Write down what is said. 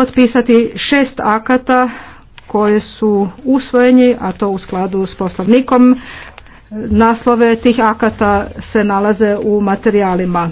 potpisati šest akata koje su usvojeni, a to u skladu s poslovnikom. Naslove tih akata se nalaze u materijalima.